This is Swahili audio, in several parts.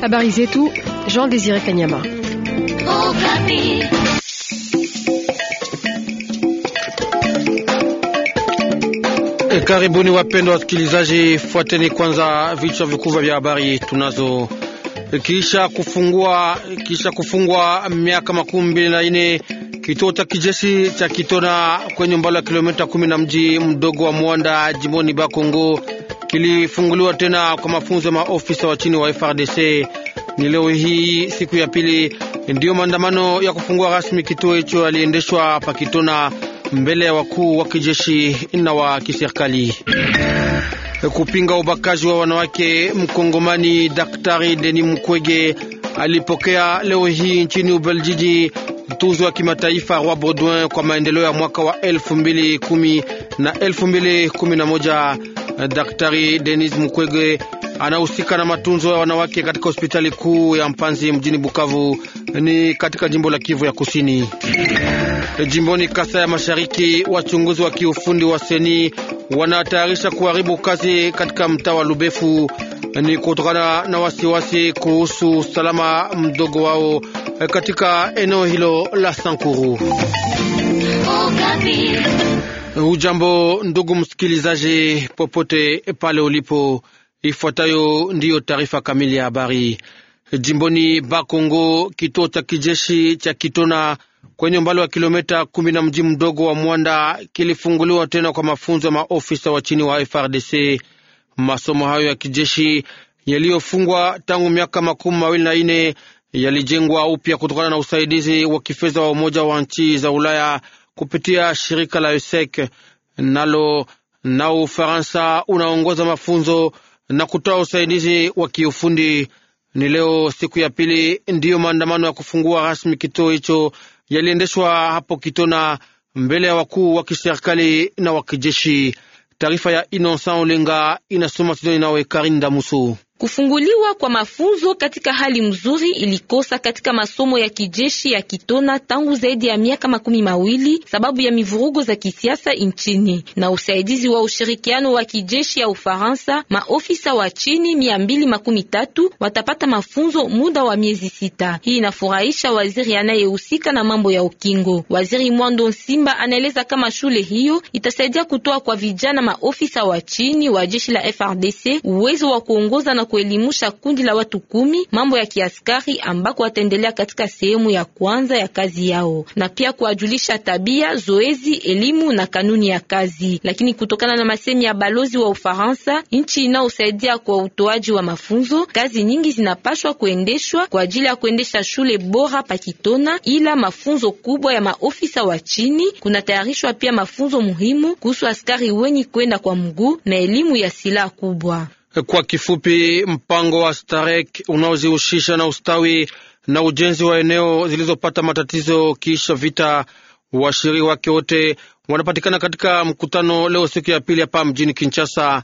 Habari zetu Jean Désiré Kanyama. Okapi. E, karibuni wapendwa wasikilizaji, fuateni kwanza vichwa vikubwa vya habari tunazo. Eh, kisha kufungua kisha kufungwa miaka makumi mbili na ine kituo cha kijeshi cha Kitona kwenye umbali wa kilomita kumi na mji mdogo wa Mwanda jimboni Bakongo kilifunguliwa tena kwa mafunzo ya maofisa wa chini wa FRDC. Ni leo hii siku ya pili ndiyo maandamano ya kufungua rasmi kituo hicho yaliendeshwa hapa Kitona mbele ya wakuu wa kijeshi na wa kiserikali kupinga ubakaji wa wanawake. Mkongomani Daktari Denis Mukwege alipokea leo hii nchini Ubeljiji tuzo ya kimataifa Roi Baudouin kwa maendeleo ya mwaka wa 2010 na 2011. Daktari Denis Mukwege anahusika na matunzo ya wanawake katika hospitali kuu ya Mpanzi mjini Bukavu ni katika jimbo la Kivu ya Kusini. Jimboni Kasa ya Mashariki, wachunguzi wa kiufundi wa seni wanatayarisha kuharibu kazi katika mtaa wa Lubefu ni kutokana na wasiwasi kuhusu usalama mdogo wao katika eneo hilo la Sankuru. Ujambo ndugu msikilizaji, popote pale ulipo, ifuatayo ndiyo taarifa kamili ya habari. Jimboni Bakongo, kituo cha kijeshi cha Kitona kwenye umbali wa kilomita kumi na mji mdogo wa Mwanda kilifunguliwa tena kwa mafunzo ya maofisa wa chini wa FRDC. Masomo hayo ya kijeshi yaliyofungwa tangu miaka makumi mawili na ine yalijengwa upya kutokana na usaidizi wa kifedha wa Umoja wa Nchi za Ulaya kupitia shirika la USEC nalo na Ufaransa unaongoza mafunzo na kutoa usaidizi wa kiufundi. Ni leo siku ya pili ndiyo maandamano ya kufungua rasmi kituo hicho yaliendeshwa hapo Kitona mbele ya wakuu wa kiserikali na wa kijeshi. Taarifa ya Innocent Olenga inasoma Sidoni nawe Karinda Musu. Kufunguliwa kwa mafunzo katika hali mzuri ilikosa katika masomo ya kijeshi ya Kitona tangu zaidi ya miaka makumi mawili sababu ya mivurugo za kisiasa nchini na usaidizi wa ushirikiano wa kijeshi ya Ufaransa. Maofisa wa chini mia mbili makumi tatu watapata mafunzo muda wa miezi sita. Hii inafurahisha waziri anayehusika na mambo ya ukingo. Waziri Mwando simba anaeleza kama shule hiyo itasaidia kutoa kwa vijana maofisa wa chini wa jeshi la FRDC uwezo wa kuongoza na kuelimusha kundi la watu kumi mambo ya kiaskari ambako wataendelea katika sehemu ya kwanza ya kazi yao, na pia kuwajulisha tabia, zoezi, elimu na kanuni ya kazi. Lakini kutokana na masemi ya balozi wa Ufaransa, nchi inayosaidia kwa utoaji wa mafunzo, kazi nyingi zinapashwa kuendeshwa kwa ajili ya kuendesha shule bora pakitona, ila mafunzo kubwa ya maofisa wa chini kunatayarishwa pia mafunzo muhimu kuhusu askari wenye kwenda kwa mguu na elimu ya silaha kubwa. Kwa kifupi, mpango wa Starek unaozihusisha na ustawi na ujenzi wa eneo zilizopata matatizo kiisha vita. Washiriki wake wote wanapatikana katika mkutano leo siku ya pili hapa mjini Kinshasa,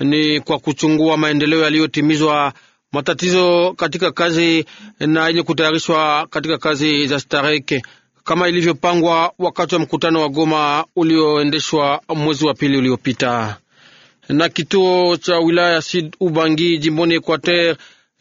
ni kwa kuchungua maendeleo yaliyotimizwa, matatizo katika kazi na yenye kutayarishwa katika kazi za Starek kama ilivyopangwa wakati wa mkutano wa Goma ulioendeshwa mwezi wa pili uliopita na kituo cha wilaya Sud Ubangi jimboni Equateur.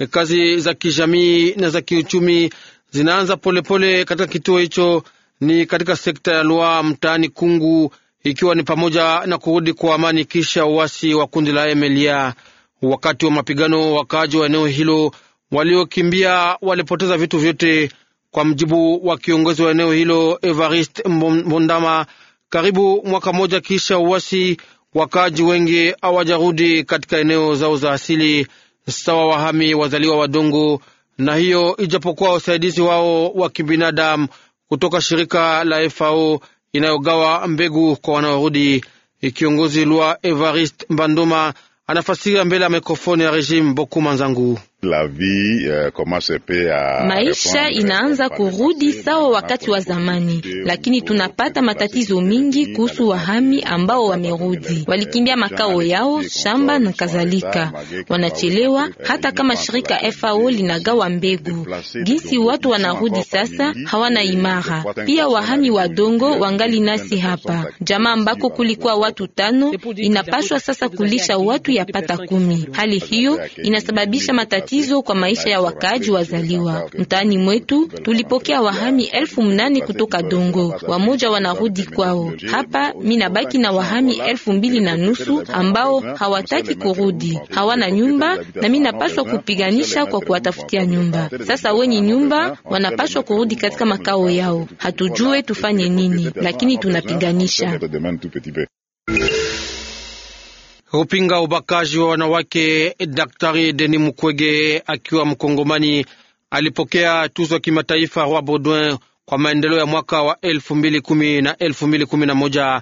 Kazi za kijamii na za kiuchumi zinaanza polepole pole katika kituo hicho, ni katika sekta ya Lwa mtaani Kungu, ikiwa ni pamoja na kurudi kwa amani kisha uasi wa kundi la mla Wakati wa mapigano, wakaaji wa eneo hilo waliokimbia walipoteza vitu vyote, kwa mjibu wa kiongozi wa eneo hilo Evariste Mbondama. Karibu mwaka mmoja kisha uasi Wakaaji wengi hawajarudi katika eneo zao za asili, sawa wahami wazaliwa wadongo, na hiyo ijapokuwa usaidizi wao wa kibinadamu kutoka shirika la FAO inayogawa mbegu kwa wanaorudi. Kiongozi Lwa Evarist Mbandoma anafasiria mbele ya mikrofoni ya regime Bokuma Nzangu. La vie, uh, maisha inaanza kurudi sawa wakati wa zamani, lakini tunapata matatizo mingi kuhusu wahami ambao wamerudi, walikimbia makao yao, shamba na kadhalika, wanachelewa. Hata kama shirika FAO linagawa mbegu, jinsi watu wanarudi sasa hawana imara. Pia wahami wadongo wangali nasi hapa, jamaa ambako kulikuwa watu tano inapaswa sasa kulisha watu yapata kumi. Hali hiyo inasababisha matatizo tatizo kwa maisha ya wakaaji wazaliwa. Mtaani mwetu tulipokea wahami elfu mnane kutoka Dongo, wamoja wanarudi kwao. Hapa minabaki na wahami elfu mbili na nusu ambao hawataki kurudi, hawana nyumba na minapaswa kupiganisha kwa kuwatafutia nyumba. Sasa wenye nyumba wanapaswa kurudi katika makao yao. Hatujue tufanye nini, lakini tunapiganisha hupinga ubakaji wa wanawake. Daktari Denis Mukwege akiwa Mkongomani alipokea tuzo ya kimataifa Roi Baudouin kwa maendeleo ya mwaka wa elfu mbili kumi na elfu mbili kumi na moja.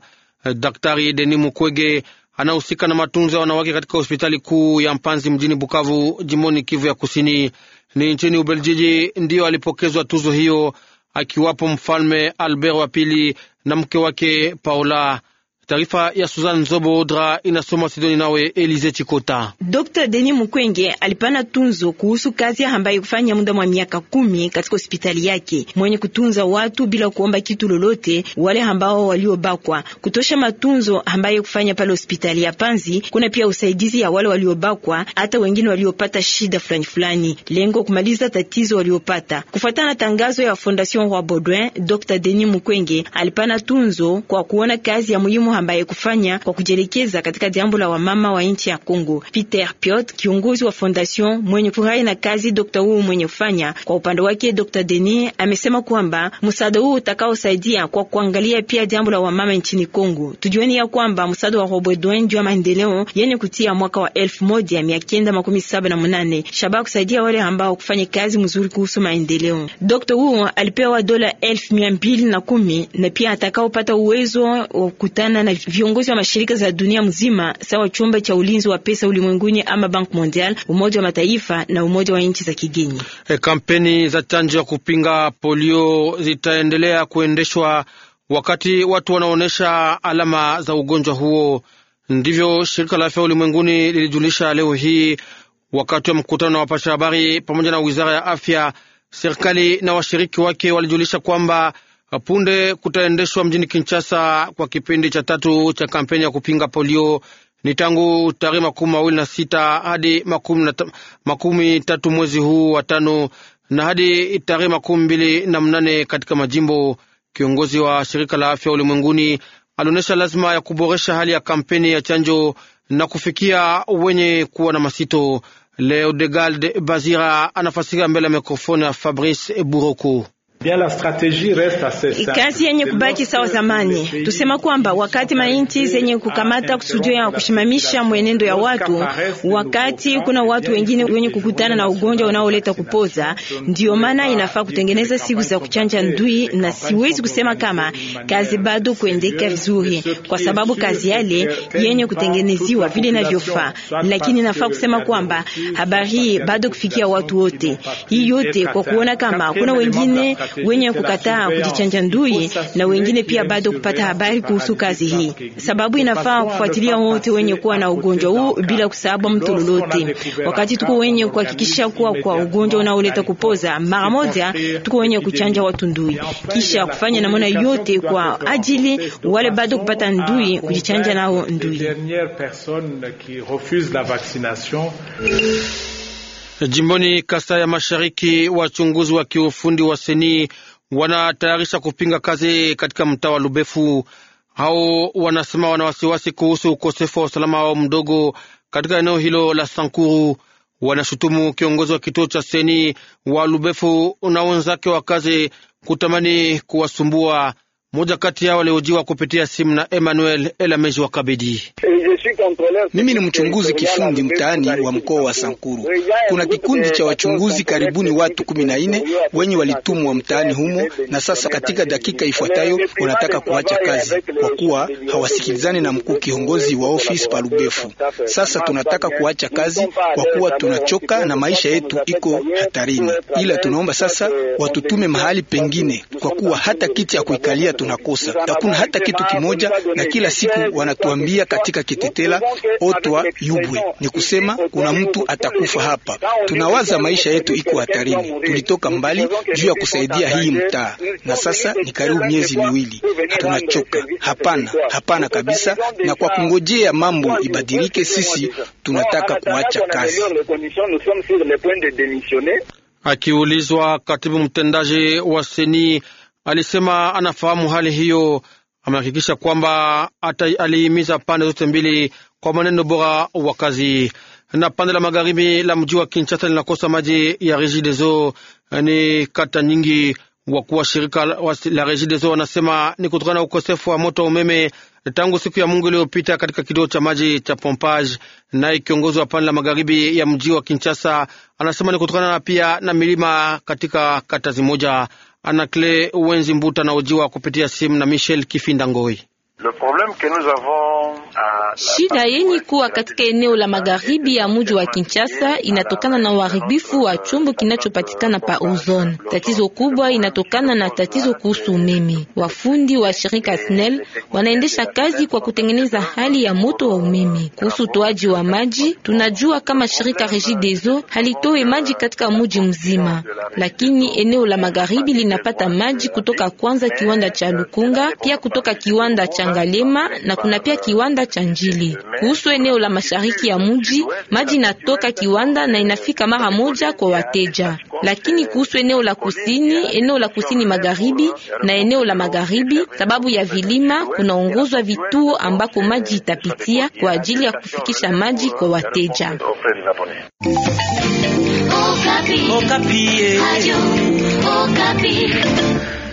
Daktari Denis Mukwege anahusika na matunzo ya wanawake katika hospitali kuu ya Mpanzi mjini Bukavu, jimoni Kivu ya Kusini. Ni nchini Ubeljiji ndiyo alipokezwa tuzo hiyo, akiwapo mfalme Albert wa pili na mke wake paula Taarifa ya Suzan Odra inasoma Sidoni nawe Elize Chikota. Dr Denis Mukwenge alipana tunzo kuhusu kazi ambayo kufanya muda mwa miaka kumi katika hospitali yake, mwenye kutunza watu bila kuomba kitu lolote, wale ambao waliobakwa kutosha matunzo ambayo kufanya pale hospitali ya Panzi. Kuna pia usaidizi ya wale waliobakwa, hata wengine waliopata shida fulani fulani, lengo kumaliza tatizo waliopata. Kufuatana na tangazo ya Fondation Roi Baudouin, Dr Denis Mukwenge alipana tunzo kwa kuona kazi ya muhimu ambaye kufanya kwa kujielekeza katika jambo la wamama wa nchi ya Kongo. Peter Piot, kiongozi wa fondation mwenye furahi na kazi Dr. huu mwenye kufanya. Kwa upande wake, Dr. Denis amesema kwamba msaada huu utakaosaidia kwa kuangalia pia jambo la wamama nchini Kongo. Tujueni ya kwamba msaada wa Robo Edwin juu ya maendeleo yenye kutia mwaka wa elfu moja mia kenda makumi saba na munane shabaha kusaidia wale ambao kufanya kazi mzuri kuhusu maendeleo. Dr. huu alipewa dola elfu mia 1210 na pia atakaopata uwezo wa kukutana na viongozi wa mashirika za dunia mzima sawa chumba cha ulinzi wa pesa ulimwenguni ama Bank Mondial, Umoja wa Mataifa na Umoja wa nchi za kigeni. E, kampeni za chanjo ya kupinga polio zitaendelea kuendeshwa wakati watu wanaonyesha alama za ugonjwa huo. Ndivyo shirika la afya ulimwenguni lilijulisha leo hii wakati wa mkutano na wapasha habari pamoja na wizara ya afya. Serikali na washiriki wake walijulisha kwamba Punde kutaendeshwa mjini Kinshasa kwa kipindi cha tatu cha kampeni ya kupinga polio ni tangu tarehe makumi mawili na sita hadi makumi, makumi tatu mwezi huu wa tano na hadi tarehe makumi mbili na mnane katika majimbo. Kiongozi wa shirika la afya ulimwenguni alionyesha lazima ya kuboresha hali ya kampeni ya chanjo na kufikia wenye kuwa na masito. Leodegald Bazira anafasika mbele ya mikrofoni ya Fabrice Buroko. Kazi yenye kubaki sawa zamani, tusema kwamba wakati mainti zenye kukamata kusudio ya kushimamisha mwenendo ya watu, wakati kuna watu wengine wenye kukutana na ugonjwa unaoleta kupoza, ndio maana inafaa kutengeneza siku za kuchanja ndui, na siwezi kusema kama kazi bado kuendeka vizuri, kwa sababu kazi yale yenye kutengeneziwa vile inavyofaa, lakini inafaa kusema kwamba habari hii bado kufikia watu wote, hii yote kwa kuona kama kuna wengine wenye kukataa kujichanja ndui na wengine pia bado kupata habari kuhusu kazi hii, sababu inafaa kufuatilia wote wenye kuwa na ugonjwa huu bila kusababu mtu lolote. Wakati tuko wenye kuhakikisha kuwa kwa ugonjwa unaoleta kupoza mara moja, tuko wenye kuchanja watu ndui, kisha kufanya namna yote kwa ajili wale bado kupata ndui kujichanja nao ndui. Jimboni kasa ya Mashariki, wachunguzi wa kiufundi wa seni wanatayarisha kupinga kazi katika mtaa wa Lubefu. Hao wanasema wana wasiwasi kuhusu ukosefu wa usalama wao mdogo katika eneo hilo la Sankuru. Wanashutumu kiongozi wa kituo cha seni wa Lubefu na wenzake wa kazi kutamani kuwasumbua. Moja kati yao aliojiwa kupitia simu na Emmanuel Elameji wa Kabedi. Mimi ni mchunguzi kifundi mtaani wa mkoa wa Sankuru. Kuna kikundi cha wachunguzi karibuni watu kumi na nne wenye walitumwa mtaani humo, na sasa katika dakika ifuatayo wanataka kuacha kazi kwa kuwa hawasikilizani na mkuu kiongozi wa ofisi Palubefu. Sasa tunataka kuacha kazi kwa kuwa tunachoka na maisha yetu iko hatarini, ila tunaomba sasa watutume mahali pengine kwa kuwa hata kiti ya kuikalia tunakosa, takuna hata kitu kimoja, na kila siku wanatuambia katika Kitetela otwa yubwe, ni kusema kuna mtu atakufa hapa. Tunawaza maisha yetu iko hatarini. Tulitoka mbali juu ya kusaidia hii mtaa, na sasa ni karibu miezi miwili tunachoka. Hapana, hapana kabisa, na kwa kungojea mambo ibadilike, sisi tunataka kuacha kazi. Akiulizwa katibu mtendaji wa seni alisema anafahamu hali hiyo. Amehakikisha kwamba alihimiza pande zote mbili kwa maneno bora wa kazi. Na pande la magharibi la mji wa Kinshasa linakosa maji ya Regideso ni kata nyingi. Wakuu wa shirika la Regideso wanasema ni kutokana na ukosefu wa moto wa umeme tangu siku ya Mungu iliyopita katika kituo cha maji cha Pompage. Naye kiongozi wa pande la magharibi ya mji wa Kinshasa anasema ni kutokana pia na milima katika kata zimoja. Anakle Wenzi Mbuta na ujiwa kupitia simu na Michel Kifinda Ngoi. Euh, Shida yenye kuwa katika eneo la magharibi ya mji wa Kinshasa inatokana na uharibifu wa chombo kinachopatikana pa ozone. Tatizo kubwa inatokana na tatizo kuhusu umeme. Wafundi wa shirika SNEL wanaendesha kazi kwa kutengeneza hali ya moto wa umeme. Kuhusu utoaji wa maji, tunajua kama shirika Regideso halitoe maji katika mji mzima, lakini eneo la magharibi linapata maji kutoka kwanza kiwanda cha Lukunga, pia kutoka kiwanda cha Ngalema na kuna pia kiwanda cha Nji ajili. Kuhusu eneo la mashariki ya mji, maji inatoka kiwanda na inafika mara moja kwa wateja, lakini kuhusu eneo la kusini, eneo la kusini magharibi na eneo la magharibi, sababu ya vilima, kunaongozwa vituo ambako maji itapitia kwa ajili ya kufikisha maji kwa wateja. Okapi. Oh, Okapi. Oh, eh.